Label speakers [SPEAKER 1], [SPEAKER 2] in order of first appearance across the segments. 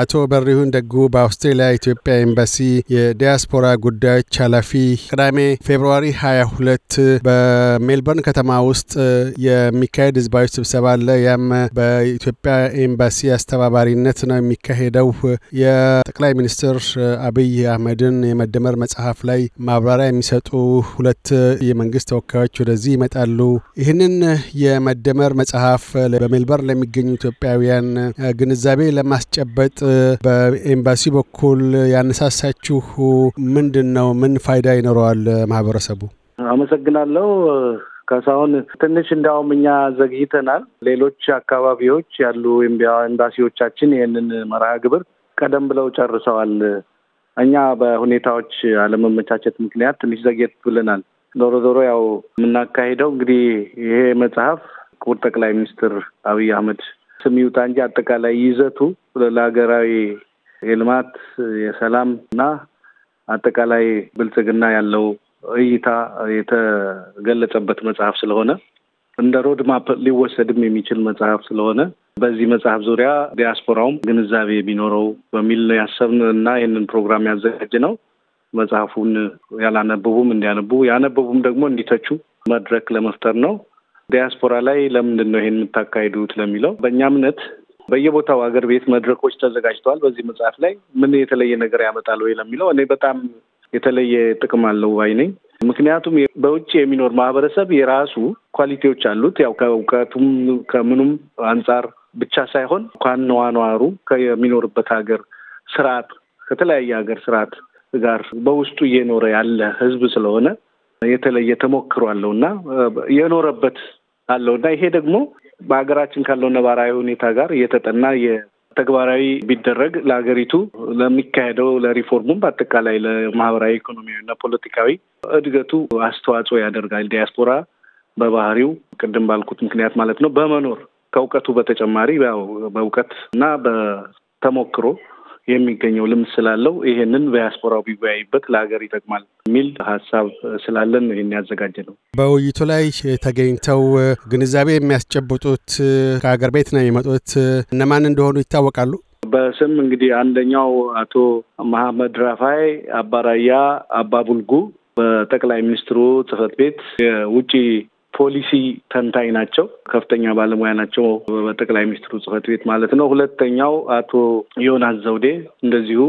[SPEAKER 1] አቶ በሪሁን ደጉ በአውስትሬልያ ኢትዮጵያ ኤምባሲ የዲያስፖራ ጉዳዮች ኃላፊ፣ ቅዳሜ ፌብርዋሪ 22 በሜልበርን ከተማ ውስጥ የሚካሄድ ህዝባዊ ስብሰባ አለ። ያም በኢትዮጵያ ኤምባሲ አስተባባሪነት ነው የሚካሄደው። የጠቅላይ ሚኒስትር አብይ አህመድን የመደመር መጽሐፍ ላይ ማብራሪያ የሚሰጡ ሁለት የመንግስት ተወካዮች ወደዚህ ይመጣሉ። ይህንን የመደመር መጽሐፍ በሜልበርን ለሚገኙ ኢትዮጵያውያን ግንዛቤ ለማስጨበጥ በኤምባሲ በኩል ያነሳሳችሁ ምንድን ነው? ምን ፋይዳ ይኖረዋል ማህበረሰቡ?
[SPEAKER 2] አመሰግናለሁ ከሳሁን ትንሽ እንዲያውም እኛ ዘግይተናል። ሌሎች አካባቢዎች ያሉ ኤምባሲዎቻችን ይህንን መርሃ ግብር ቀደም ብለው ጨርሰዋል። እኛ በሁኔታዎች አለመመቻቸት ምክንያት ትንሽ ዘግየት ብለናል። ዞሮ ዞሮ ያው የምናካሄደው እንግዲህ ይሄ መጽሐፍ ክቡር ጠቅላይ ሚኒስትር አብይ አህመድ ስም ይውጣ እንጂ አጠቃላይ ይዘቱ ለሀገራዊ የልማት የሰላም እና አጠቃላይ ብልጽግና ያለው እይታ የተገለጸበት መጽሐፍ ስለሆነ እንደ ሮድማፕ ሊወሰድም የሚችል መጽሐፍ ስለሆነ በዚህ መጽሐፍ ዙሪያ ዲያስፖራውም ግንዛቤ ቢኖረው በሚል ያሰብን እና ይህንን ፕሮግራም ያዘጋጅ ነው። መጽሐፉን ያላነበቡም እንዲያነቡ፣ ያነበቡም ደግሞ እንዲተቹ መድረክ ለመፍጠር ነው። ዲያስፖራ ላይ ለምንድን ነው ይሄን የምታካሂዱት ለሚለው በእኛ እምነት በየቦታው ሀገር ቤት መድረኮች ተዘጋጅተዋል። በዚህ መጽሐፍ ላይ ምን የተለየ ነገር ያመጣል ወይ ለሚለው እኔ በጣም የተለየ ጥቅም አለው ባይ ነኝ። ምክንያቱም በውጭ የሚኖር ማህበረሰብ የራሱ ኳሊቲዎች አሉት። ያው ከእውቀቱም ከምኑም አንጻር ብቻ ሳይሆን ከኗኗሩ ከሚኖርበት ሀገር ስርዓት ከተለያየ ሀገር ስርዓት ጋር በውስጡ እየኖረ ያለ ህዝብ ስለሆነ የተለየ ተሞክሮ አለው እና የኖረበት አለው እና ይሄ ደግሞ በሀገራችን ካለው ነባራዊ ሁኔታ ጋር እየተጠና ተግባራዊ ቢደረግ ለሀገሪቱ ለሚካሄደው ለሪፎርሙም በአጠቃላይ ለማህበራዊ ኢኮኖሚያዊና ፖለቲካዊ እድገቱ አስተዋጽኦ ያደርጋል። ዲያስፖራ በባህሪው ቅድም ባልኩት ምክንያት ማለት ነው በመኖር ከእውቀቱ በተጨማሪ ያው በእውቀት እና በተሞክሮ የሚገኘው ልምድ ስላለው ይሄንን ዲያስፖራው ቢወያይበት ለሀገር ይጠቅማል የሚል ሀሳብ ስላለን ይህን ያዘጋጀ ነው።
[SPEAKER 1] በውይይቱ ላይ ተገኝተው ግንዛቤ የሚያስጨብጡት ከሀገር ቤት ነው የመጡት እነማን እንደሆኑ ይታወቃሉ?
[SPEAKER 2] በስም እንግዲህ አንደኛው አቶ መሐመድ ራፋይ አባራያ አባቡልጉ በጠቅላይ ሚኒስትሩ ጽህፈት ቤት የውጭ ፖሊሲ ተንታኝ ናቸው፣ ከፍተኛ ባለሙያ ናቸው፣ በጠቅላይ ሚኒስትሩ ጽህፈት ቤት ማለት ነው። ሁለተኛው አቶ ዮናስ ዘውዴ እንደዚሁ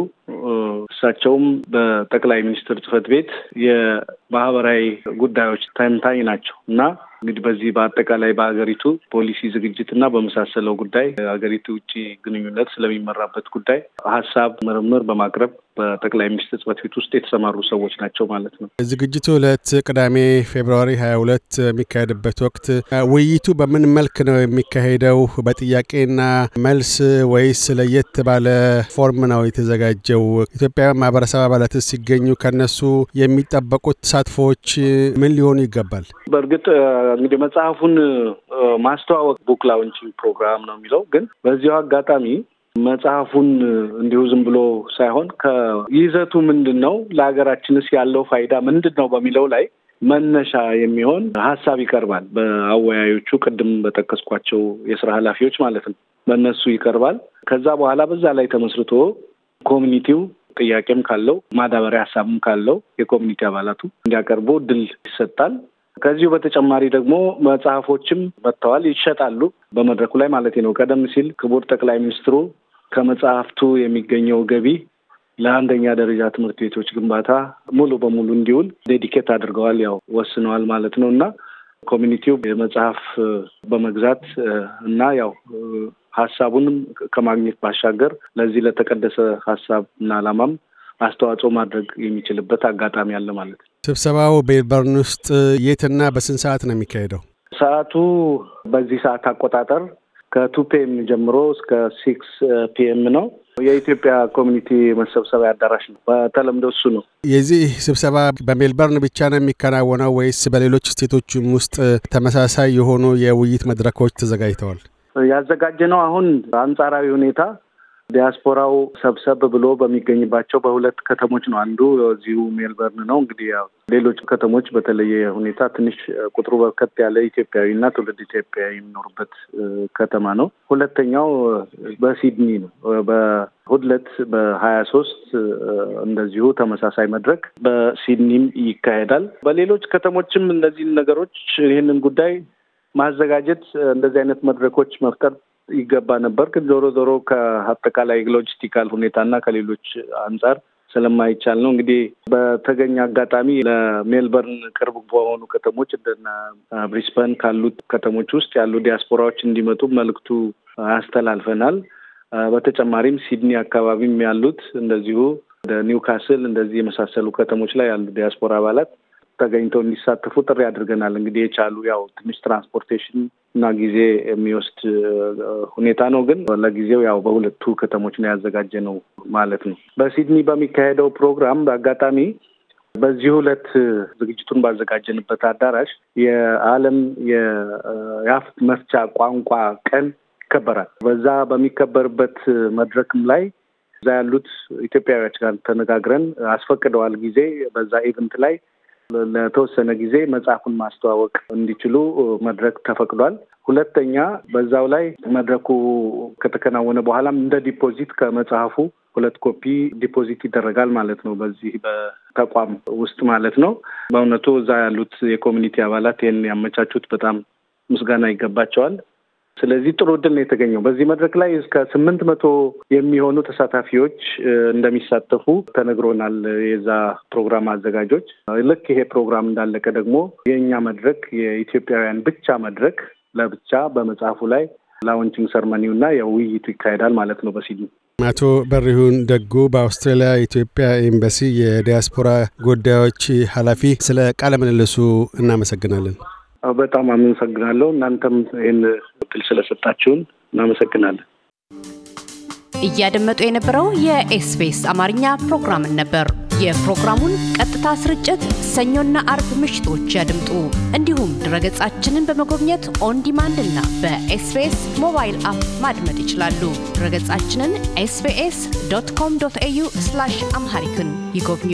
[SPEAKER 2] እሳቸውም በጠቅላይ ሚኒስትር ጽህፈት ቤት የማህበራዊ ጉዳዮች ተንታኝ ናቸው እና እንግዲህ በዚህ በአጠቃላይ በሀገሪቱ ፖሊሲ ዝግጅት እና በመሳሰለው ጉዳይ ሀገሪቱ ውጭ ግንኙነት ስለሚመራበት ጉዳይ ሀሳብ ምርምር በማቅረብ በጠቅላይ ሚኒስትር ጽህፈት ቤት ውስጥ የተሰማሩ ሰዎች ናቸው ማለት ነው።
[SPEAKER 1] ዝግጅቱ ዕለት ቅዳሜ ፌብርዋሪ ሀያ ሁለት የሚካሄድበት ወቅት ውይይቱ በምን መልክ ነው የሚካሄደው? በጥያቄና መልስ ወይስ ለየት ባለ ፎርም ነው የተዘጋጀው? ለጊዜው ኢትዮጵያ ማህበረሰብ አባላትስ ሲገኙ ከነሱ የሚጠበቁት ተሳትፎዎች ምን ሊሆኑ ይገባል?
[SPEAKER 2] በእርግጥ እንግዲህ መጽሐፉን ማስተዋወቅ ቡክ ላውንች ፕሮግራም ነው የሚለው ግን በዚሁ አጋጣሚ መጽሐፉን እንዲሁ ዝም ብሎ ሳይሆን ከይዘቱ ምንድን ነው፣ ለሀገራችንስ ያለው ፋይዳ ምንድን ነው በሚለው ላይ መነሻ የሚሆን ሀሳብ ይቀርባል። በአወያዮቹ ቅድም በጠቀስኳቸው የስራ ኃላፊዎች ማለት ነው በእነሱ ይቀርባል። ከዛ በኋላ በዛ ላይ ተመስርቶ ኮሚኒቲው ጥያቄም ካለው ማዳበሪያ ሀሳብም ካለው የኮሚኒቲ አባላቱ እንዲያቀርቡ ድል ይሰጣል። ከዚሁ በተጨማሪ ደግሞ መጽሐፎችም መጥተዋል፣ ይሸጣሉ በመድረኩ ላይ ማለት ነው። ቀደም ሲል ክቡር ጠቅላይ ሚኒስትሩ ከመጽሐፍቱ የሚገኘው ገቢ ለአንደኛ ደረጃ ትምህርት ቤቶች ግንባታ ሙሉ በሙሉ እንዲውል ዴዲኬት አድርገዋል፣ ያው ወስነዋል ማለት ነው እና ኮሚኒቲው የመጽሐፍ በመግዛት እና ያው ሀሳቡንም ከማግኘት ባሻገር ለዚህ ለተቀደሰ ሀሳብና ዓላማም አስተዋጽኦ ማድረግ የሚችልበት አጋጣሚ አለ ማለት ነው።
[SPEAKER 1] ስብሰባው ሜልበርን ውስጥ የትና በስንት ሰዓት ነው የሚካሄደው?
[SPEAKER 2] ሰዓቱ በዚህ ሰዓት አቆጣጠር ፒኤም ጀምሮ እስከ ሲክስ ፒኤም ነው። የኢትዮጵያ ኮሚኒቲ መሰብሰቢያ አዳራሽ ነው። በተለምዶ እሱ ነው።
[SPEAKER 1] የዚህ ስብሰባ በሜልበርን ብቻ ነው የሚከናወነው ወይስ በሌሎች ስቴቶችም ውስጥ ተመሳሳይ የሆኑ የውይይት መድረኮች ተዘጋጅተዋል?
[SPEAKER 2] ያዘጋጀ ነው አሁን አንጻራዊ ሁኔታ ዲያስፖራው ሰብሰብ ብሎ በሚገኝባቸው በሁለት ከተሞች ነው። አንዱ እዚሁ ሜልበርን ነው። እንግዲህ ያው ሌሎች ከተሞች በተለየ ሁኔታ ትንሽ ቁጥሩ በርከት ያለ ኢትዮጵያዊ እና ትውልድ ኢትዮጵያዊ የሚኖሩበት ከተማ ነው። ሁለተኛው በሲድኒ ነው። በእሑድ በሀያ ሶስት እንደዚሁ ተመሳሳይ መድረክ በሲድኒም ይካሄዳል። በሌሎች ከተሞችም እነዚህን ነገሮች ይህንን ጉዳይ ማዘጋጀት፣ እንደዚህ አይነት መድረኮች መፍጠር ይገባ ነበር። ግን ዞሮ ዞሮ ከአጠቃላይ ሎጂስቲካል ሁኔታና ከሌሎች አንጻር ስለማይቻል ነው። እንግዲህ በተገኘ አጋጣሚ ለሜልበርን ቅርብ በሆኑ ከተሞች እንደ ብሪስበን ካሉት ከተሞች ውስጥ ያሉ ዲያስፖራዎች እንዲመጡ መልዕክቱ አስተላልፈናል። በተጨማሪም ሲድኒ አካባቢም ያሉት እንደዚሁ ወደ ኒውካስል እንደዚህ የመሳሰሉ ከተሞች ላይ ያሉ ዲያስፖራ አባላት ተገኝተው እንዲሳተፉ ጥሪ አድርገናል። እንግዲህ የቻሉ ያው ትንሽ ትራንስፖርቴሽን እና ጊዜ የሚወስድ ሁኔታ ነው፣ ግን ለጊዜው ያው በሁለቱ ከተሞች ነው ያዘጋጀ ነው ማለት ነው። በሲድኒ በሚካሄደው ፕሮግራም በአጋጣሚ በዚህ ሁለት ዝግጅቱን ባዘጋጀንበት አዳራሽ የዓለም የአፍ መፍቻ ቋንቋ ቀን ይከበራል። በዛ በሚከበርበት መድረክም ላይ እዛ ያሉት ኢትዮጵያውያች ጋር ተነጋግረን አስፈቅደዋል ጊዜ በዛ ኢቨንት ላይ ለተወሰነ ጊዜ መጽሐፉን ማስተዋወቅ እንዲችሉ መድረክ ተፈቅዷል። ሁለተኛ በዛው ላይ መድረኩ ከተከናወነ በኋላም እንደ ዲፖዚት ከመጽሐፉ ሁለት ኮፒ ዲፖዚት ይደረጋል ማለት ነው፣ በዚህ በተቋም ውስጥ ማለት ነው። በእውነቱ እዛ ያሉት የኮሚኒቲ አባላት ይህን ያመቻቹት በጣም ምስጋና ይገባቸዋል። ስለዚህ ጥሩ እድል ነው የተገኘው። በዚህ መድረክ ላይ እስከ ስምንት መቶ የሚሆኑ ተሳታፊዎች እንደሚሳተፉ ተነግሮናል። የዛ ፕሮግራም አዘጋጆች ልክ ይሄ ፕሮግራም እንዳለቀ ደግሞ የእኛ መድረክ የኢትዮጵያውያን ብቻ መድረክ ለብቻ በመጽሐፉ ላይ ላውንቺንግ ሰርመኒው እና የውይይቱ ይካሄዳል ማለት ነው በሲድኒ።
[SPEAKER 1] አቶ በሪሁን ደጉ በአውስትራሊያ ኢትዮጵያ ኤምባሲ የዲያስፖራ ጉዳዮች ኃላፊ፣ ስለ ቃለ ምልልሱ እናመሰግናለን።
[SPEAKER 2] በጣም አመሰግናለሁ። እናንተም ይህን ውድል ስለሰጣችሁን እናመሰግናለን።
[SPEAKER 1] እያደመጡ የነበረው የኤስቢኤስ አማርኛ ፕሮግራምን ነበር። የፕሮግራሙን ቀጥታ ስርጭት ሰኞና አርብ ምሽቶች ያድምጡ። እንዲሁም ድረገጻችንን በመጎብኘት ኦን ዲማንድ እና በኤስቢኤስ ሞባይል አፕ ማድመጥ ይችላሉ። ድረገጻችንን ኤስቢኤስ ዶት ኮም ዶት ኤዩ አምሃሪክን ይጎብኙ።